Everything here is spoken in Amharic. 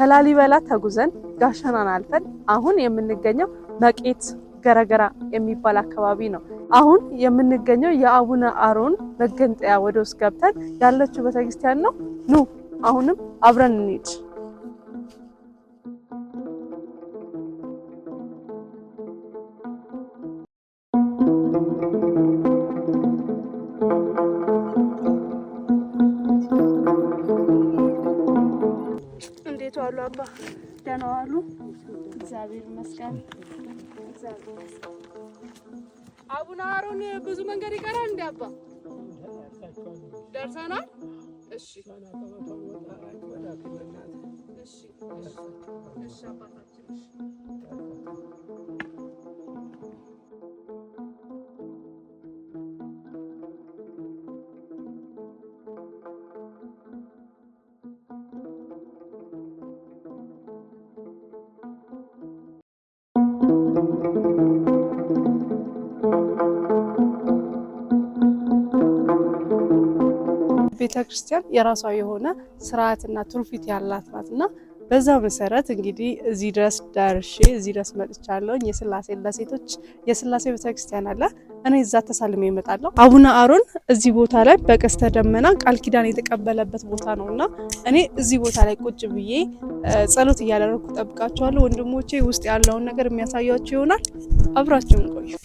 ከላሊበላ ተጉዘን ጋሸናን አልፈን አሁን የምንገኘው መቄት ገረገራ የሚባል አካባቢ ነው። አሁን የምንገኘው የአቡነ አሮን መገንጠያ ወደ ውስጥ ገብተን ያለችው ቤተክርስቲያን ነው። ኑ አሁንም አብረን እንሂድ። እንዴት ዋሉ አባ? ደህና ዋሉ። እግዚአብሔር ይመስገን። አቡነ አሮን ብዙ መንገድ ይቀራል። እንዴ አባ ደርሰናል። እሺ፣ እሺ፣ እሺ አባ ቤተ ክርስቲያን የራሷ የሆነ ስርዓትና ትውፊት ያላት ናት እና በዛ መሰረት እንግዲህ እዚህ ድረስ ደርሼ እዚህ ድረስ መጥቻለሁኝ። የስላሴ ለሴቶች የስላሴ ቤተክርስቲያን አለ። እኔ እዛ ተሳልሜ እመጣለሁ። አቡነ አሮን እዚህ ቦታ ላይ በቀስተ ደመና ቃል ኪዳን የተቀበለበት ቦታ ነው እና እኔ እዚህ ቦታ ላይ ቁጭ ብዬ ጸሎት እያደረግኩ ጠብቃችኋለሁ። ወንድሞቼ ውስጥ ያለውን ነገር የሚያሳያችሁ ይሆናል። አብራችሁን ቆዩ።